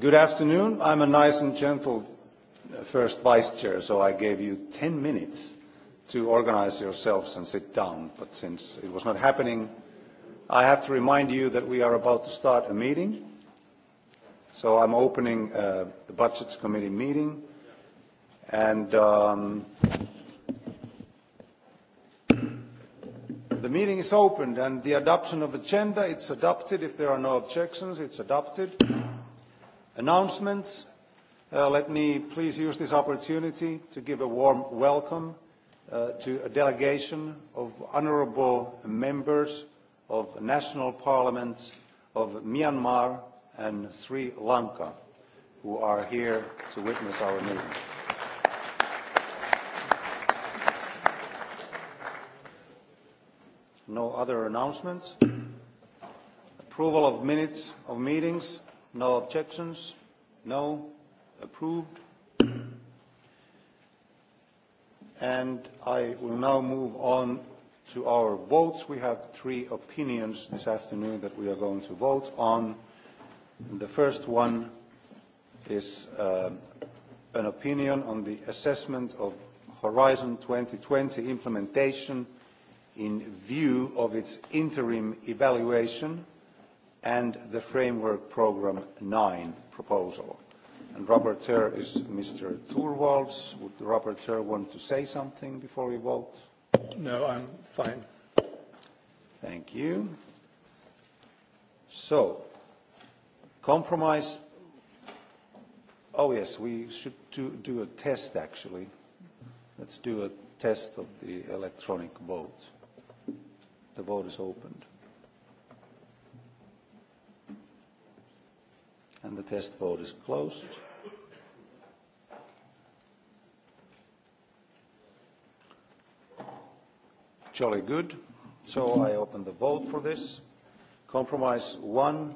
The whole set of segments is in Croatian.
Good afternoon. I'm a nice and gentle uh, first vice chair, so I gave you 10 minutes to organize yourselves and sit down. But since it was not happening, I have to remind you that we are about to start a meeting. So I'm opening uh, the Budgets Committee meeting. And um, the meeting is opened and the adoption of agenda, it's adopted. If there are no objections, it's adopted announcements. Uh, let me please use this opportunity to give a warm welcome uh, to a delegation of honorable members of national parliaments of Myanmar and Sri Lanka who are here to witness our meeting. No other announcements. Approval of minutes of meetings no objections? No? Approved? And I will now move on to our votes. We have three opinions this afternoon that we are going to vote on. The first one is uh, an opinion on the assessment of Horizon 2020 implementation in view of its interim evaluation – and the Framework Programme 9 proposal. And rapporteur is Mr. Turvalds. Would the rapporteur want to say something before we vote? No, I'm fine. Thank you. So, compromise. Oh, yes, we should do, do a test, actually. Let's do a test of the electronic vote. The vote is opened. And the test vote is closed. Jolly good. So I open the vote for this. Compromise one.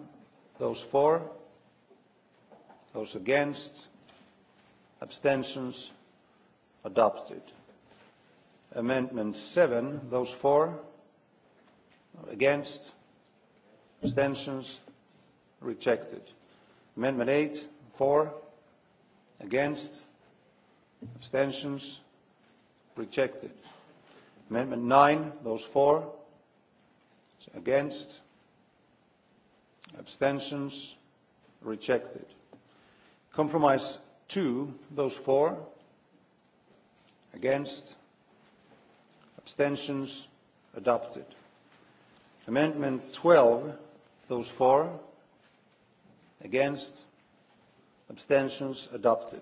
Those four Those against? Abstentions? Adopted. Amendment seven. Those four Against? Abstentions? Rejected Amendment 8, 4, against, abstentions, rejected. Amendment 9, those for, against, abstentions, rejected. Compromise 2, those for, against, abstentions, adopted. Amendment 12, those for, against abstentions adopted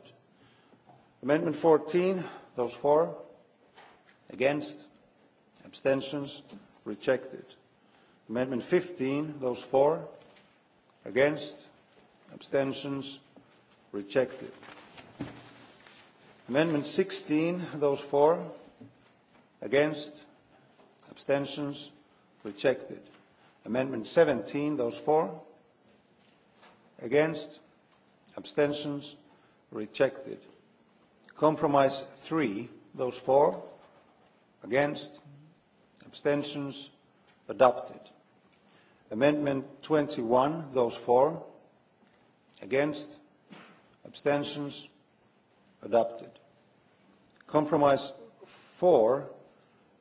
amendment 14 those for against abstentions rejected amendment 15 those for against abstentions rejected amendment 16 those for against abstentions rejected amendment 17 those for against abstentions rejected compromise three. those for against abstentions adopted amendment 21 those for against abstentions adopted compromise four.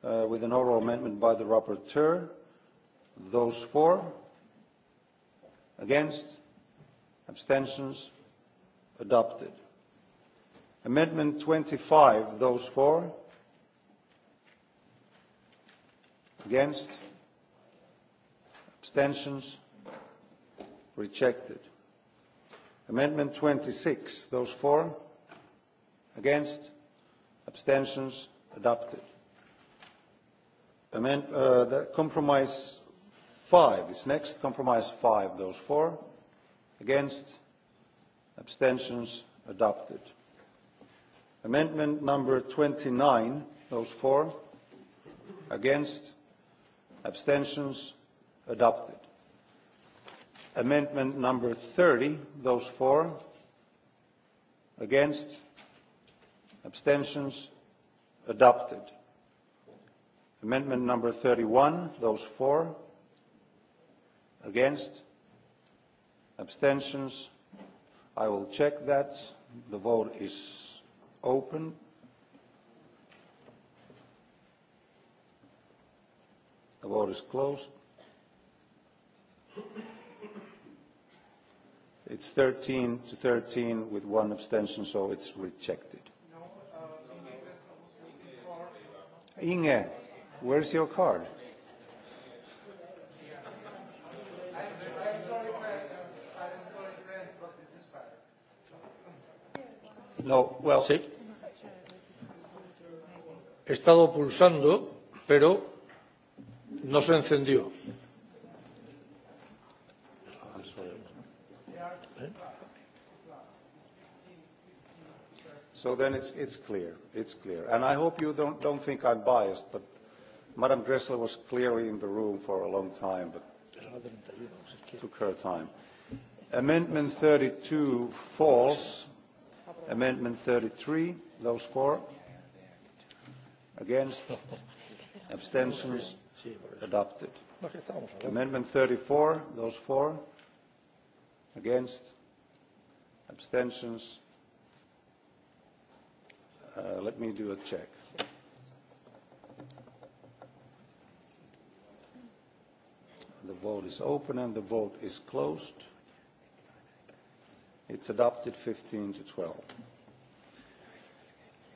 Uh, with an oral amendment by the rapporteur those for against abstentions adopted amendment 25, those for against abstentions rejected amendment 26, those for against abstentions adopted Amend, uh, the compromise 5, is next compromise five those for against abstentions adopted amendment number 29 those for against abstentions adopted amendment number 30 those for against abstentions adopted amendment number 31 those for against abstentions i will check that the vote is open the vote is closed it's 13 to 13 with one abstention so it's rejected uh, inge where's your card No, well, sí. He estado pulsando, pero no se encendió. So then it's, it's clear. It's clear. And I hope you don't, don't think I'm biased, but Madam Gressler was clearly in the room for a long time, but it took her time. Amendment 32 falls Amendment 33, those for, against, abstentions, adopted. Amendment 34, those for, against, abstentions. Uh, let me do a check. The vote is open and the vote is closed. It's adopted 15 to 12.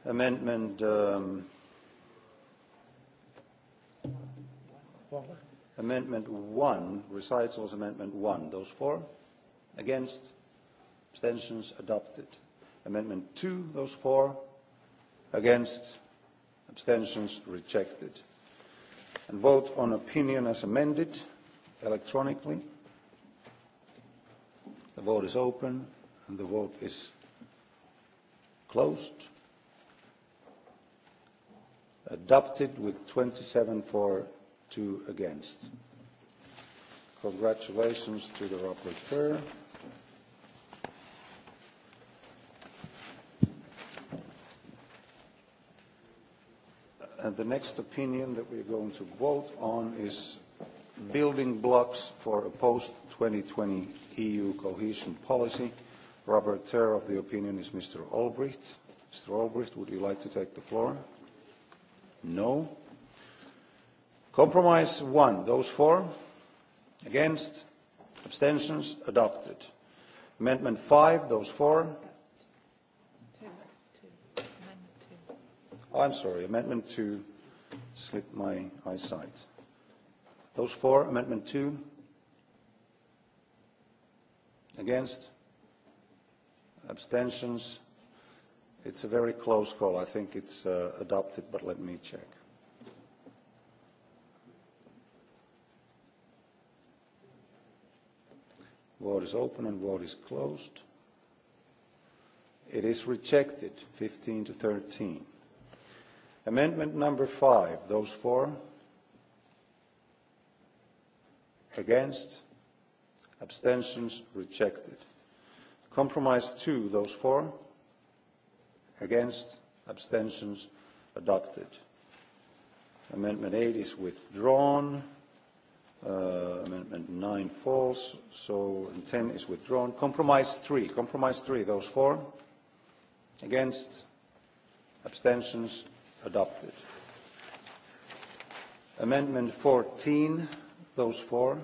Amendment um, Amendment 1, recitals Amendment 1. Those for? Against? Abstentions adopted. Amendment 2, those for? Against? Abstentions rejected. And vote on opinion as amended electronically. The vote is open and the vote is closed. Adopted with 27 for, 2 against. Congratulations to the rapporteur. And the next opinion that we're going to vote on is building blocks for a post-2020 EU cohesion policy. Rapporteur of the opinion is Mr. Olbricht. Mr. Olbricht, would you like to take the floor? No. Compromise one. Those for? Against? Abstentions? Adopted. Amendment five. Those for? Oh, I'm sorry. Amendment two slipped my eyesight. Those for? Amendment two? Against? abstentions it's a very close call i think it's uh, adopted but let me check vote is open and vote is closed it is rejected 15 to 13 amendment number five. those for against abstentions rejected Compromise 2, those for, against, abstentions adopted. Amendment eight is withdrawn. Uh, amendment nine falls, so and ten is withdrawn. Compromise three. compromise three. those for, against, abstentions adopted. Amendment 14, those for,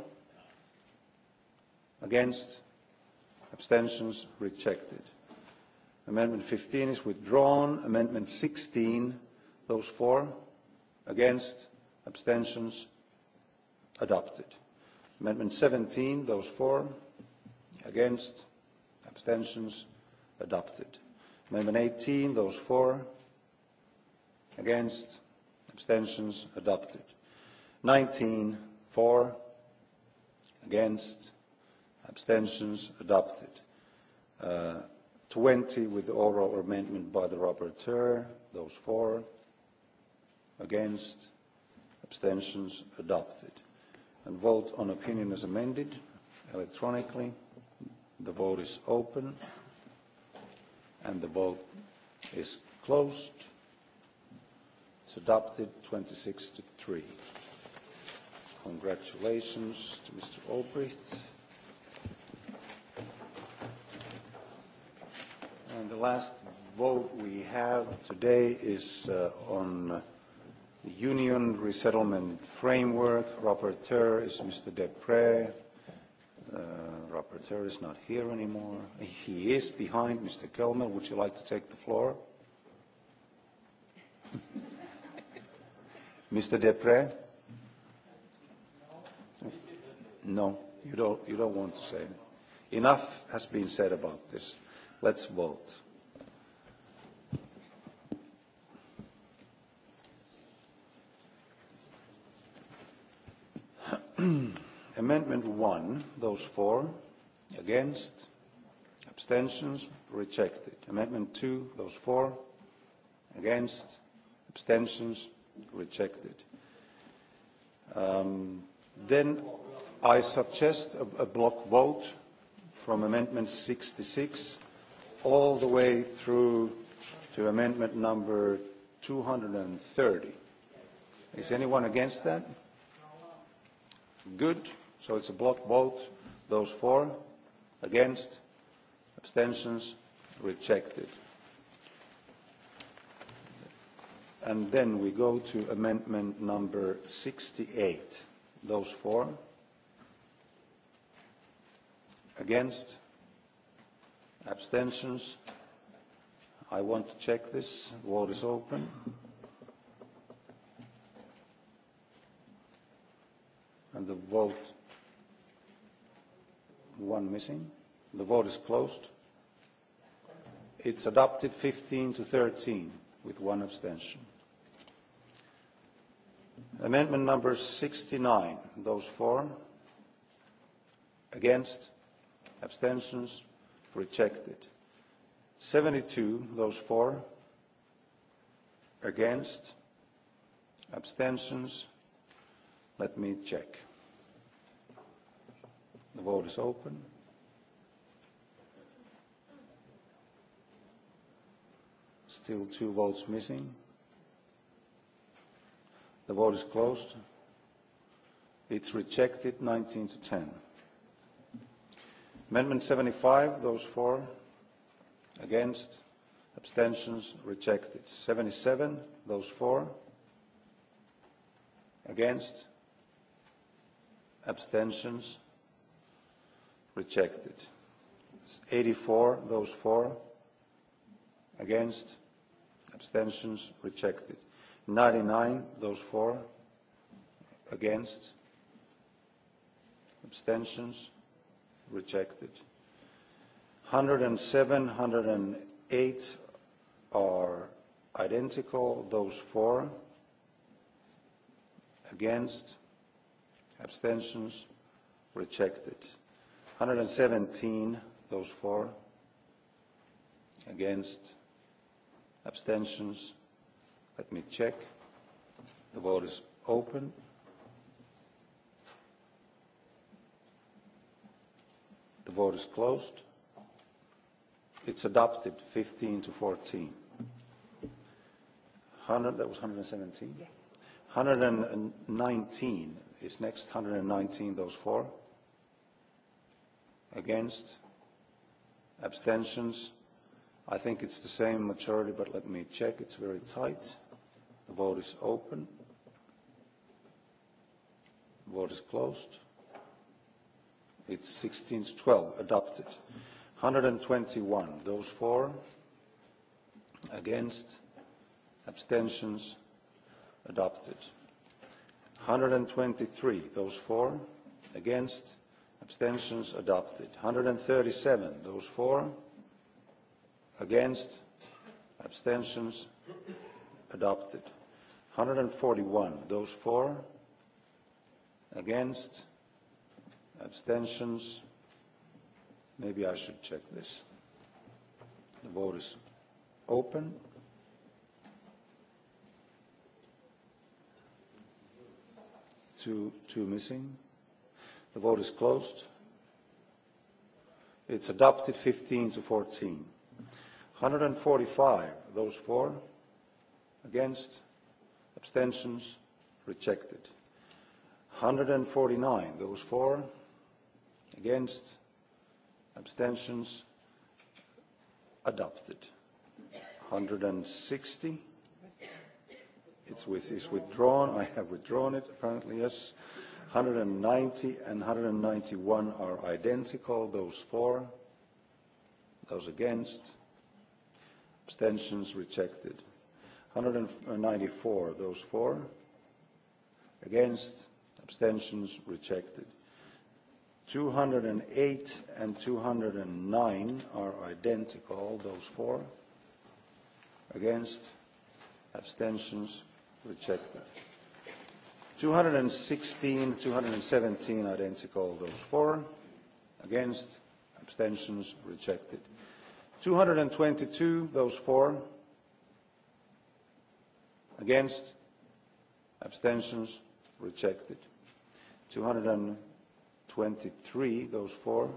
against, abstentions rejected amendment 15 is withdrawn amendment 16 those for against abstentions adopted amendment 17 those for against abstentions adopted amendment 18 those for against abstentions adopted 19 for against abstentions adopted uh, 20 with oral amendment by the rapporteur those for against abstentions adopted and vote on opinion as amended electronically the vote is open and the vote is closed it's adopted 26 to 3 congratulations to mr Albrecht the last vote we have today is uh, on the Union Resettlement Framework. Rapporteur is Mr. Depre. Uh, rapporteur is not here anymore. He is behind Mr. Kelmer. Would you like to take the floor? Mr. Depre? No, you don't, you don't want to say it. Enough has been said about this. Let's vote. Amendment 1, those for, against, abstentions, rejected. Amendment 2, those for, against, abstentions, rejected. Um, then I suggest a, a block vote from Amendment 66 all the way through to amendment number 230. Is anyone against that? Good. So it's a block vote. Those for, against, abstentions, rejected. And then we go to amendment number 68. Those for, against, abstentions i want to check this vote is open and the vote one missing the vote is closed it's adopted 15 to 13 with one abstention amendment number 69 those for against abstentions rejected 72 those for against abstentions let me check the vote is open still two votes missing the vote is closed it's rejected 19 to 10 amendment seventy five those for against abstentions rejected seventy seven those for against abstentions rejected eighty four those for against abstentions rejected 99 nine those for against abstentions rejected. 107, 108 are identical. Those four against, abstentions, rejected. 117, those four against, abstentions. Let me check. The vote is open. The vote is closed. It's adopted 15 to 14. 100, that was 117? Yes. 119 is next. 119, those four. Against? Abstentions? I think it's the same majority, but let me check. It's very tight. The vote is open. The vote is closed. It's 16 to 12. Adopted. 121. Those for? Against? Abstentions? Adopted. 123. Those for? Against? Abstentions? Adopted. 137. Those for? Against? Abstentions? Adopted. 141. Those for? Against? abstentions maybe i should check this the vote is open two two missing the vote is closed it's adopted 15 to 14 145 those for against abstentions rejected 149 those for against abstentions adopted 160 it's with is withdrawn i have withdrawn it apparently yes 190 and 191 are identical those four? those against abstentions rejected 194 those four? against abstentions rejected 208 and 209 are identical, those four. Against? Abstentions? Rejected. 216, 217 identical, those four. Against? Abstentions? Rejected. 222, those four. Against? Abstentions? Rejected. 200 23, those for,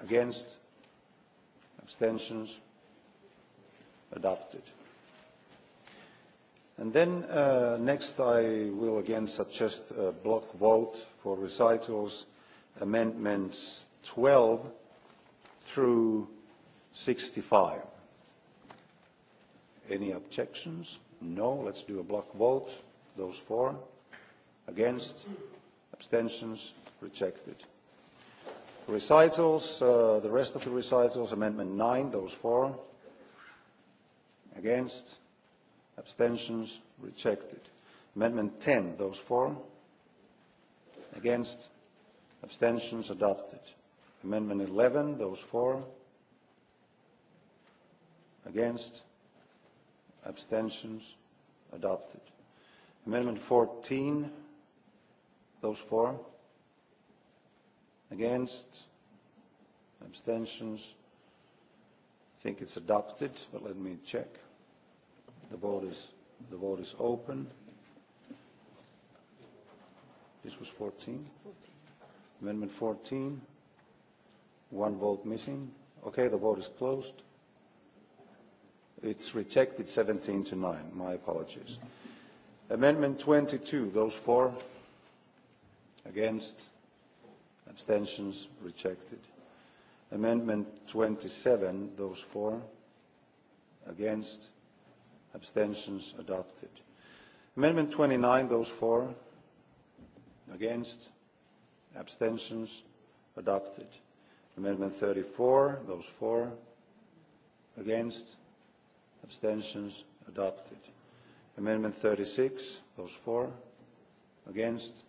against, abstentions, adopted. And then uh, next I will again suggest a block vote for recitals amendments 12 through 65. Any objections? No. Let's do a block vote. Those four? against abstentions rejected recitals uh, the rest of the recitals amendment 9 those for against abstentions rejected amendment 10 those for against abstentions adopted amendment 11 those for against abstentions adopted amendment 14 Those for? Against? Abstentions? I think it's adopted, but let me check. The vote is, the vote is open. This was 14. 14. Amendment 14. One vote missing. Okay, the vote is closed. It's rejected 17 to 9. My apologies. Amendment 22. Those for? against abstentions rejected amendment 27 those for against abstentions adopted amendment 29 those for against abstentions adopted amendment 34 those for against abstentions adopted amendment 36 those for against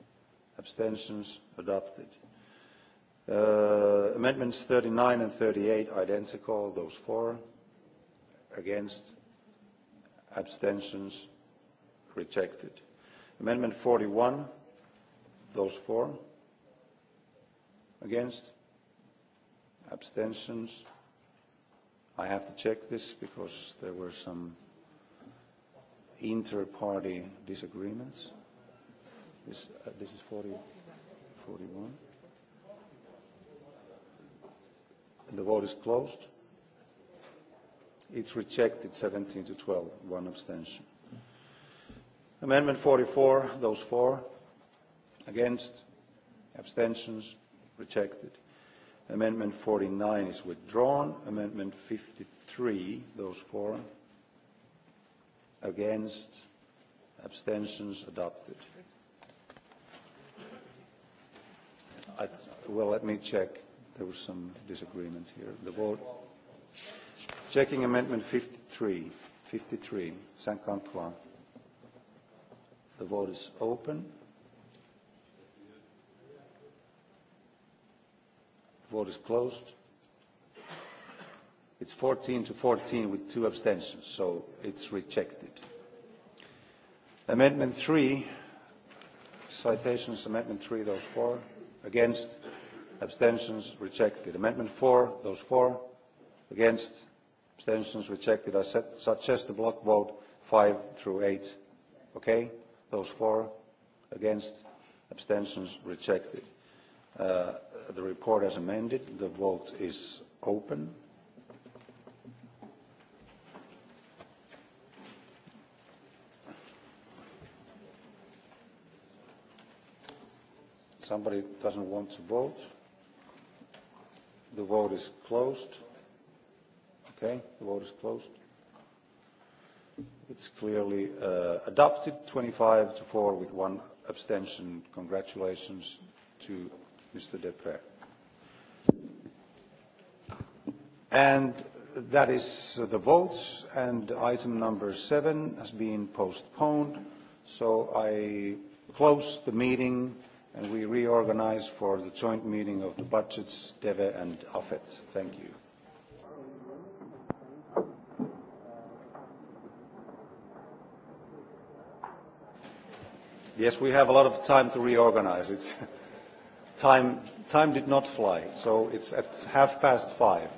abstentions adopted uh, amendments 39 and 38 identical those for against abstentions rejected amendment 41 those for against abstentions i have to check this because there were some inter party disagreements This, uh, this is 40, 41. And the vote is closed. It's rejected 17 to 12, one abstention. Amendment 44, those four. Against, abstentions, rejected. Amendment 49 is withdrawn. Amendment 53, those four. Against, abstentions, adopted. well, let me check. There was some disagreement here. The vote. Checking amendment 53. 53. 53. The vote is open. The vote is closed. It's 14 to 14 with two abstentions, so it's rejected. Amendment 3. Citations, Amendment 3, those four against abstentions rejected amendment 4 those for against abstentions rejected i set, suggest the block vote 5 through 8 okay those for against abstentions rejected uh, the report as amended the vote is open Somebody doesn't want to vote. The vote is closed. Okay, the vote is closed. It's clearly uh, adopted, 25 to 4 with one abstention. Congratulations to Mr. Depre. And that is the votes, and item number seven has been postponed. So I close the meeting and we reorganize for the joint meeting of the budgets, DEVE and AFET. Thank you. Yes, we have a lot of time to reorganize. It's time, time did not fly, so it's at half past five.